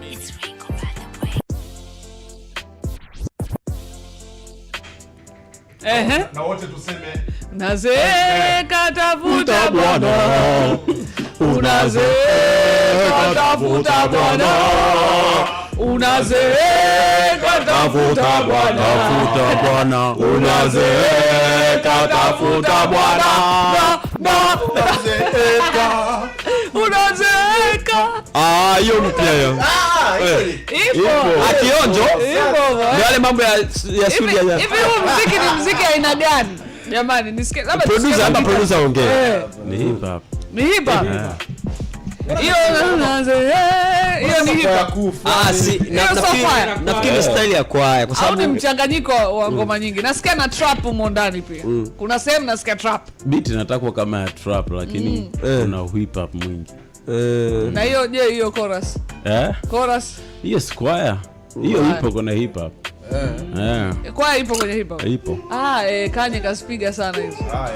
It's Ehe. Na wote tuseme nazeeka tafuta Bwana, unazeeka tafuta Bwana, unazeeka tafuta Bwana, tafuta Bwana, unazeeka tafuta Bwana, unazeeka. Ah, hiyo mpya ah, hiyo akionjo eh, oh, eh. eh. ni wale mambo ya Huu muziki ni muziki aina gani jamani? Nisikie ni mchanganyiko wa mm. ngoma nyingi. Nasikia na trap humo ndani pia, mm. kuna sehemu nasikia trap beat, nataka kama ya trap, lakini mm. kuna hip hop mwingi Eh, na hiyo je, hiyo chorus eh, chorus hiyo square hiyo ipo kona hip hop yeah. Eh. Kwaya ipo kwenye hip hop ipo. Ah, eh, Kanye kazipiga sana hizo ah,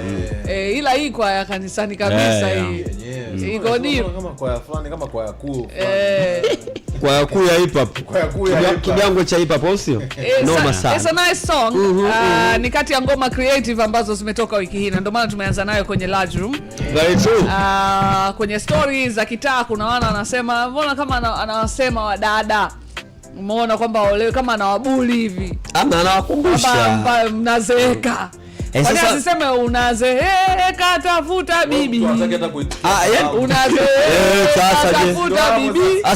eh. eh, ila hii kwaya kanisani kabisa hii mm. iko deep kama kwaya fulani kama kwaya kuu eh kwaya kuu ya hip hop cha hip hop au sio? Eh, Noma sana. It's a nice song. Mhm, mhm. Ah, ni kati ya ngoma creative ambazo zimetoka wiki hii na ndio maana tumeanza nayo kwenye large room. Very true. Ah, kwenye stories za kitaa kuna wana wanasema mbona kama anawasema wadada umeona kwamba olewe kama anawabuli hivi ama anawakumbusha mnazeeka mm. eh, asiseme unazeeka tafuta bibi hasa ah, eh.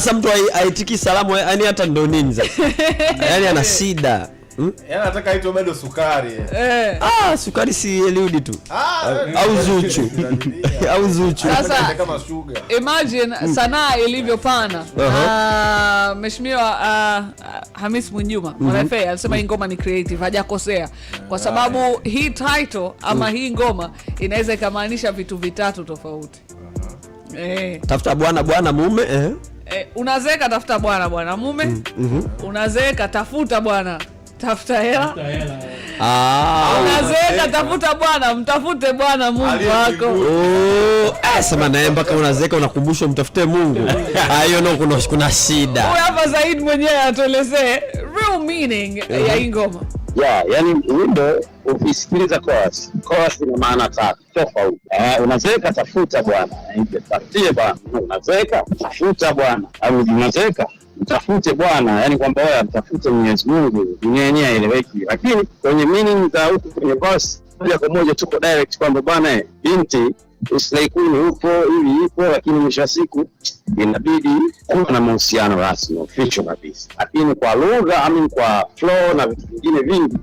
eh, mtu aitiki salamu yani hata ndo nini sasa yani ana shida Hmm? Yana eh, nataka hiyo bado sukari. Eh. Ah, sukari si Eliudi tu. Ah, au Zuchu. Au Zuchu. Sasa kama sugar. Imagine hmm. sanaa ilivyopana. Uh -huh. Uh, uh, Hamis Mwinjuma Mwanafe mhm. mm -hmm. alisema hii ngoma ni creative, hajakosea. Kwa ah. sababu hii title ama hmm. hii ngoma inaweza ikamaanisha vitu vitatu tofauti. Uh -huh. Eh. Tafuta bwana bwana mume eh. Eh, unazeeka tafuta bwana bwana mume. Mm -hmm. Mhm. Unazeeka tafuta bwana Tafuta hela ah. unazeeka, tafuta bwana, mtafute Bwana Mungu wako. Oh. Ah, sema naye mpaka unazeeka unakumbushwa mtafute Mungu. Ah, hiyo no, kuna, kuna shida hapa. Zaid mwenyewe atuelezee real meaning uh-huh. ya hii ngoma. Yeah, yani wimbo ukisikiliza chorus, chorus ina maana tatu tofauti. Uh, unazeeka tafuta Bwana, tafutie Bwana, unazeeka tafuta Bwana au unazeeka mtafute Bwana, yani kwamba wewe mtafute Mwenyezi Mungu, dunia yenyewe haieleweki, lakini kwenye meaning za huku kwenye verse moja kwa moja tuko direct kwamba bwana, binti usilaikuni huko hivi ipo, lakini mwisho wa siku inabidi kuwa na mahusiano rasmi official kabisa. Lakini kwa lugha amin, kwa flow na vitu vingine vingi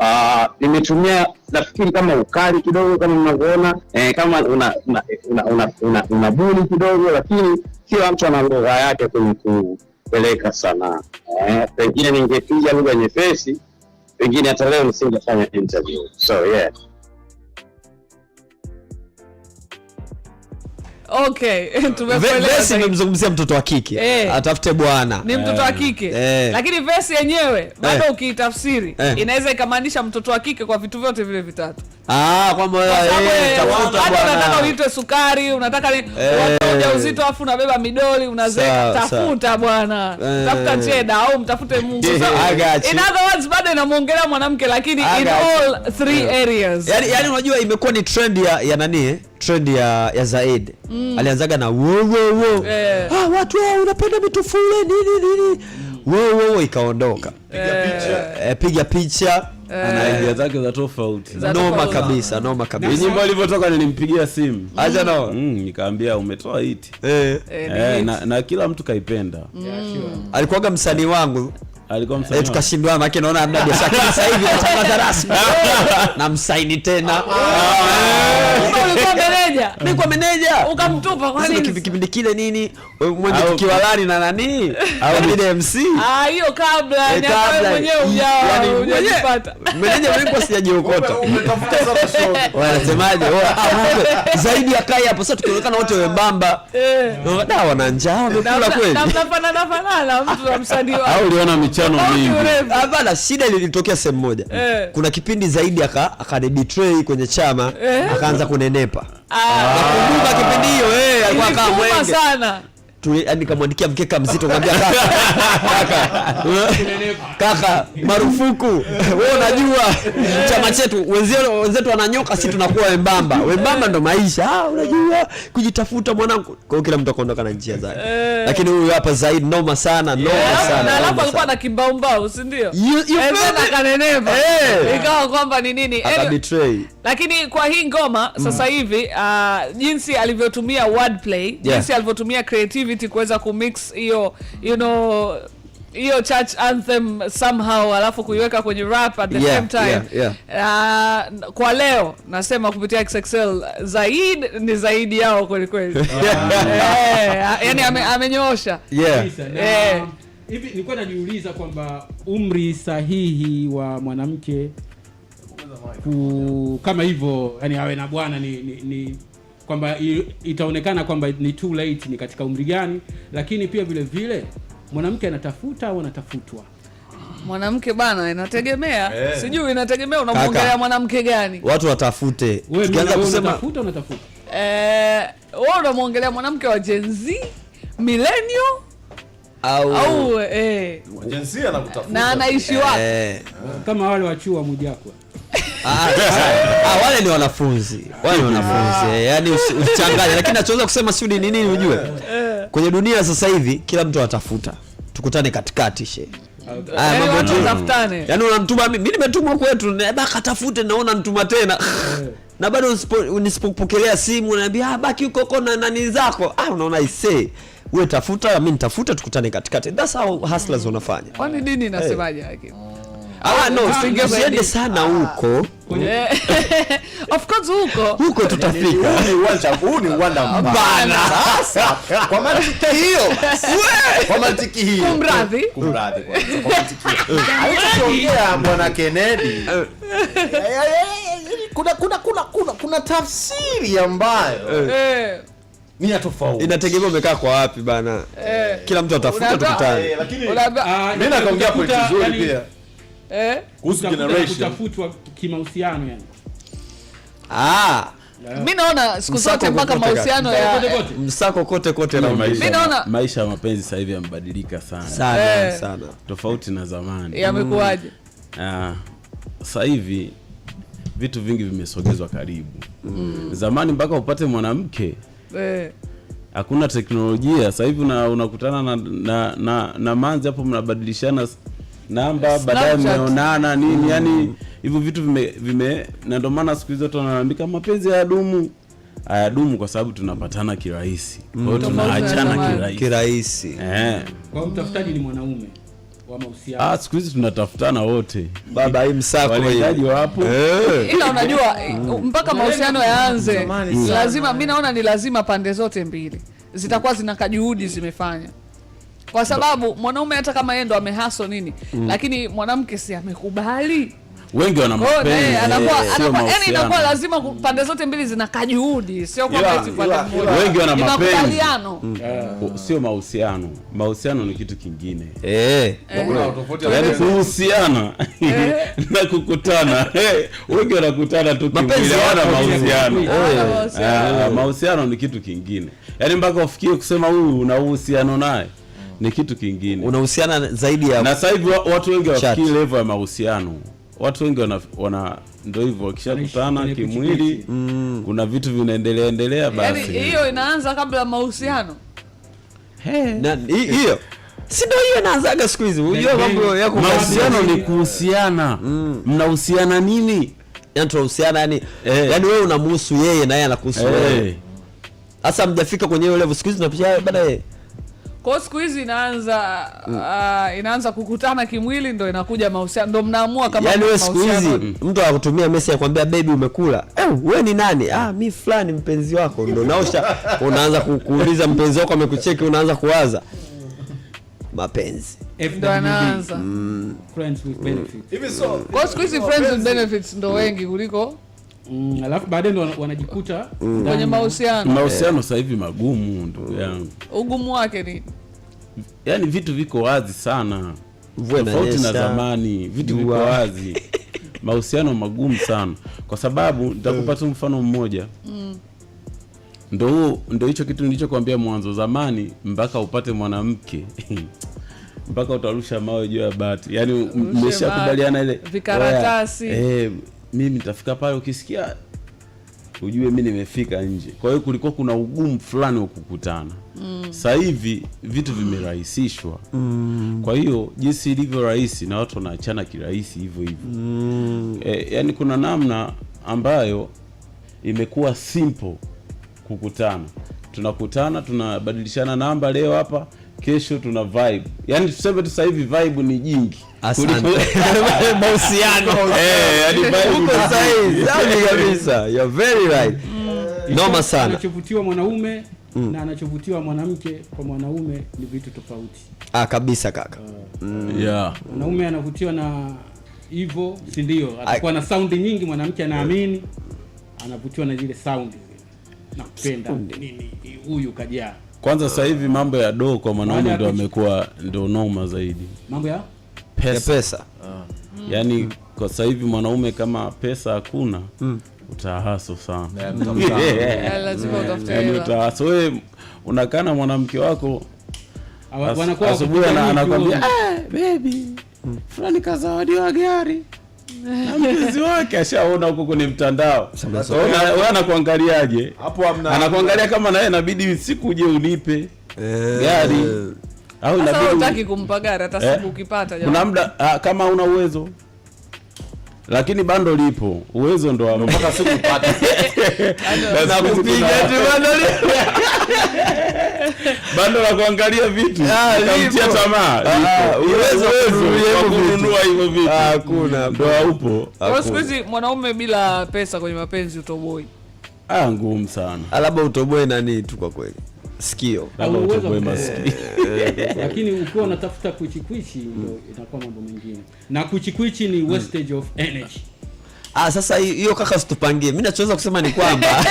ah, nimetumia nafikiri kama ukali kidogo, kama mnavyoona eh, kama una una, una, una, una, una kidogo, lakini kila mtu ana lugha yake kwenye kupeleka sana eh, pengine ningepiga lugha nyepesi, pengine hata leo nisingefanya interview. So yeah. Okay, mtoto wa kike eh, atafute bwana ni mtoto wa eh. kike eh, lakini Vesi yenyewe bado eh, ukiitafsiri eh, inaweza ikamaanisha mtoto wa kike kwa vitu vyote vile vitatu. Ah, kwamba wewe eh, eh, unataka uitwe sukari, unataka ni eh, ujauzito eh. afu unabeba midoli unazeka, tafuta bwana, eh. tafuta cheda au mtafute Mungu. In other words, bado inamwongelea mwanamke lakini in all three eh. areas. yani, yani unajua imekuwa ni trend ya, ya nani Trend ya, ya Zaid mm. Alianzaga na wo wo wo eh. Ah, watu wao unapenda mitufule nini nini mm. wo wo ikaondoka, piga picha, piga picha Eh, ana zake za tofauti noma kabisa, noma kabisa. Nyimbo alivyotoka nilimpigia simu mm. acha nao, mm, nikaambia umetoa hiti eh, eh, eh na kila mtu kaipenda. Mm. Alikuwaga msanii wangu alikuwa eh, msanii tukashindwa, maana naona hamna biashara, lakini sasa hivi natangaza rasmi na msaini tena. Ah, ah, ah. Ulikuwa meneja, mimi kwa meneja ukamtupa kwa nini? Kipindi kile nini, mmoja tukiwa na nani au ile yaani MC, ah, hiyo kabla eh, ya yaani mwenyewe hujawa yaani hujapata meneja, mimi kwa sijajiokota, umetafuta sasa show, wanasemaje zaidi ya kai hapo. Sasa tukionekana wote wembamba, eh. da, wana wamekula kweli, mnafanana fanana mtu na msanii au uliona michezo mahusiano Hapana, shida ilitokea sehemu moja. Eh. Kuna kipindi zaidi aka kwenye chama, eh. akaanza kunenepa. Ah. Nakumbuka kipindi hiyo, eh, alikuwa kama mwenge sana yani mkeka mzito kaka, kaka, marufuku we unajua chama chetu wenzetu wananyoka, si tunakuwa wembamba wembamba, ndo maisha ah, unajua kujitafuta mwanangu. kwao kila mtu akaondoka na njia zake, eh. lakini huyu hapa zaidi noma sana, noma eh, sana na alafu alikuwa na kimbao mbao, si ndio? Eza eh, kaneneva ikawa kwamba ni nini, anyway, lakini kwa hii ngoma sasa mm. hivi ah, jinsi alivyotumia wordplay, jinsi alivyotumia creativity opportunity kuweza kumix hiyo you know hiyo church anthem somehow alafu kuiweka kwenye rap at the yeah, same time yeah, yeah. Uh, kwa leo nasema kupitia XXL zaidi ni zaidi yao kweli kweli, eh, ah, yani amenyoosha eh. hivi. Nilikuwa najiuliza kwamba umri sahihi wa mwanamke ku, kama hivyo yani awe na bwana ni, ni, ni kwamba itaonekana kwamba ni too late, ni katika umri gani. Lakini pia vile vile mwanamke anatafuta au anatafutwa? Mwanamke bana, inategemea hey. Eh. Sijui inategemea unamwongelea mwanamke gani. Watu watafute, ukianza kusema unatafuta, unatafuta eh, wewe unamwongelea mwanamke wa Gen Z millennial au, au eh, na anaishi wapi eh. kama wale wa chuo Ah, ah, ah, wale ni wanafunzi, wale ni wanafunzi, yaani usichanganye. Lakini nachoweza kusema Sudi ni nini, ujue eh. kwenye dunia sasa hivi kila mtu anatafuta, tukutane katikati she yaani, yaani unamtuma mimi nimetumwa kwetu, katafute naona mtuma tena eh. na bado nisipopokelea simu unaniambia baki huko huko na nani zako. Ah, unaona ise wewe tafuta, mimi nitafuta, tukutane katikati. That's how hustlers wanafanya. Kwani dini inasemaje? Eh. Ah, no, usiende sana huko. Of course huko. Huko tutafika. Huu ni uwanda mbana Sasa kwa mantiki hiyo, kwa mantiki hiyo. Kumradhi. Kumradhi kwa mantiki hiyo. Alichokiongea Bwana Kennedy. Kuna kuna kuna kuna kuna tafsiri ambayo ni ya tofauti. Inategemea umekaa kwa wapi bana. Kila mtu atafuta tukutane. Mimi nakaongea kwa kizuri pia eh, kuhusu generation kutafutwa kimahusiano yani. Ah, mimi eh. naona siku zote mpaka mahusiano ya msako kote kote na maisha. Mimi naona maisha ya mapenzi sasa hivi yamebadilika sana sana eh, sana tofauti na zamani. Yamekuaje? Mm. Ah, sasa hivi vitu vingi vimesogezwa karibu. Mm. Zamani mpaka upate mwanamke eh hakuna teknolojia. Sasa hivi unakutana una na, na, na, na manzi hapo mnabadilishana namba baadaye mmeonana nini mm. Yani hivyo vitu vime, vime na ndio maana siku hizo watu mapenzi hayadumu hayadumu kwa sababu tunapatana kirahisi mm. kwa hiyo mm. tunaachana kirahisi eh. Kwa mtafutaji ni mwanaume Ah, siku hizi tunatafutana wote baba, hii msako hiyo wapo eh. Ila unajua mm. mpaka mahusiano yaanze lazima, mimi naona ni lazima pande zote mbili zitakuwa zina kajuhudi zimefanya kwa sababu mwanaume hata kama yeye ndo amehaso nini mm. lakini mwanamke si amekubali wengi wana inakuwa lazima pande zote mbili zinakaa juhudi, sio kwamba eti Wengi wana mapenzi, mm. sio mahusiano. Mahusiano ni kitu kingine eh, eh. yaani kuhusiana eh. na kukutana. Eh. Wengi wanakutana tu kimwili, mahusiano. Ah, mahusiano ni kitu kingine, yaani mpaka ufikie kusema huyu una uhusiano naye ni kitu kingine, unahusiana zaidi ya na. Sasa hivi watu wengi hawafikii level ya mahusiano, watu wengi wana, wana ndio hivyo, wakishakutana kimwili mm, kuna vitu vinaendelea endelea, yaani basi hiyo inaanza kabla mahusiano hiyo si ndio hiyo naanzaga siku hizi, unajua mambo yako. Mahusiano ni kuhusiana, mm. mnahusiana mm. nini? Yani tunahusiana yani hey. Eh. Yani wewe unamuhusu yeye na yeye anakuhusu eh. wewe Sasa mjafika kwenye hiyo level siku hizi, tunapisha tunapitia yeye kwa siku hizi inaanza uh, inaanza kukutana kimwili, ndo inakuja mahusiano, ndo mnaamua kama yani. Wewe siku hizi mtu anakutumia message akwambia baby umekula, eh wewe ni nani? Ah, mi fulani mpenzi wako, ndo naosha. Unaanza kuuliza mpenzi wako amekucheki, unaanza kuwaza mapenzi ndo anaanza mm. hivi. So kwa siku hizi friends with benefits ndo wengi kuliko Mm, alafu baadaye ndo wanajikuta mm, kwenye mahusiano. Mahusiano eh. sasa hivi magumu, ndugu mm. yangu. Ugumu wake ni yaani vitu viko wazi sana, tofauti na zamani, vitu viko wazi mahusiano magumu sana, kwa sababu nitakupa tu mm. mfano mmoja mm. Ndo huo ndo hicho kitu nilichokwambia mwanzo, zamani mpaka upate mwanamke mpaka utarusha mawe juu ya bati, yaani mmeshakubaliana ile vikaratasi eh, mimi nitafika pale, ukisikia ujue mi nimefika nje. Kwa hiyo kulikuwa kuna ugumu fulani wa kukutana. mm. Sasa hivi vitu vimerahisishwa. mm. Kwa hiyo jinsi ilivyo rahisi na watu wanaachana kirahisi hivyo hivyo. mm. E, yani kuna namna ambayo imekuwa simple kukutana, tunakutana tunabadilishana namba, leo hapa kesho tuna vibe. yani tuseme tu sasa hivi vibe ni jingi. Mahusiano. Eh, yaani yaani kabisa. very right. Mm. Noma sana. Anachovutiwa mwanaume mm. na anachovutiwa mwanamke kwa mwanaume ni vitu tofauti. Ah, kabisa kaka. Uh, Yeah. Mwanaume anavutiwa na hivo sindio Atakuwa na saundi nyingi, mwanamke anaamini anavutiwa na zile saundi Nakupenda. Nini huyu kajaa kwanza sasa hivi mambo ya doo kwa mwanaume ndio amekuwa ndio noma zaidi. Mambo ya pesa, ya pesa. Uh. Yaani mm. Kwa sasa hivi mwanaume kama pesa hakuna mm. Utahaso sana mm. yaani utahaso we unakaa mwanamke wako asubuhi anakwambia ah, baby mm. fulani kazawadiwa gari mjuzi wake ashaona huko kwenye mtandao, wewe anakuangaliaje? Hapo Anakuangalia kama naye inabidi siku uje unipe eh. gari au inabidi unataka kumpa gari, hata eh? siku ukipata kuna muda ah, kama una uwezo lakini bando lipo, uwezo ndo mpaka siku upate. na kupiga tu bando lipo. bando la kuangalia vitu ah, kamtia tamaa ah, uwezo wa kununua hivyo vitu ah, hakuna, ndio haupo. Kwa siku hizi mwanaume bila pesa kwenye mapenzi utoboi, ah, ngumu sana, labda utoboe nani tu kwa kweli sikio eh. lakini ukiwa unatafuta kuchikwichi, ndio inakuwa mambo mengine, na kuchikwichi ni wastage of energy. Ah, sasa hiyo kaka, usitupangie. Mimi nachoweza kusema ni kwamba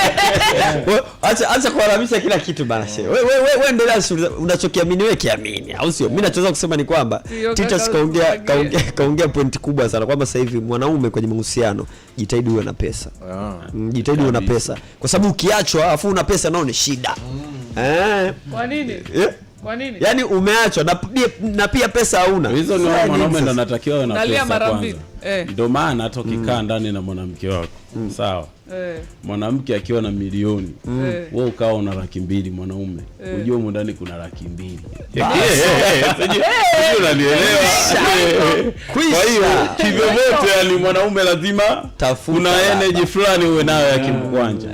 acha acha kuharamisha kila kitu bana. Shehe, wewe wewe wewe endelea unachokiamini wewe kiamini, au sio? Mimi nachoweza kusema ni kwamba teachers kaongea kaongea kaongea point kubwa sana kwamba sasa hivi mwanaume kwenye mahusiano, jitahidi uwe na pesa. Ah, mm, jitahidi uwe na pesa, kwa sababu ukiachwa afu una pesa nao ni shida. Mm. Eh, kwa nini? Eh? Kwa nini? Yaani umeachwa na, na pia pesa hauna. Hizo ni mwanaume ndo anatakiwa awe na pesa kwanza. Eh. Ndio maana hata ukikaa mm. ndani na mwanamke wako mm. sawa eh. mwanamke akiwa na milioni mm. Eh. ukawa una laki mbili mwanaume eh. unajua huko ndani kuna laki mbili eh, unanielewa? Kwa hiyo kivyovyote, yani mwanaume lazima kuna energy fulani uwe nayo ya kimkwanja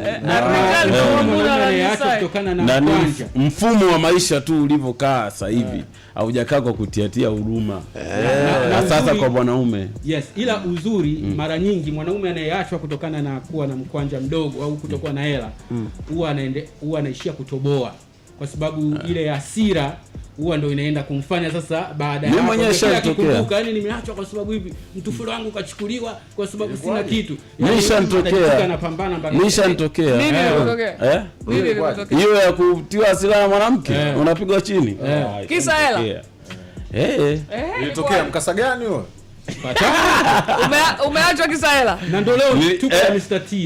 na ni mfumo wa maisha tu ulivyokaa sasa hivi haujakaa kwa kutiatia huruma, na sasa kwa mwanaume yes ila mm. uzuri mm. mara nyingi mwanaume anayeachwa kutokana na kuwa na mkwanja mdogo au kutokuwa mm. na hela mm. huwa mm. huwa anaishia kutoboa kwa sababu yeah. ile hasira huwa ndo inaenda kumfanya sasa, baada ya mwenye akikumbuka, yani nimeachwa kwa sababu hivi, mtufuro wangu kachukuliwa kwa sababu sina kitu, nitokea anapambana mpaka nishantokea hiyo eh. eh? ya kutiwa silaha mwanamke, eh. unapigwa chini kisa hela. Eh, ilitokea mkasa gani wewe umeachwa Kisahela na ndio leo tuko na eh. Mr. T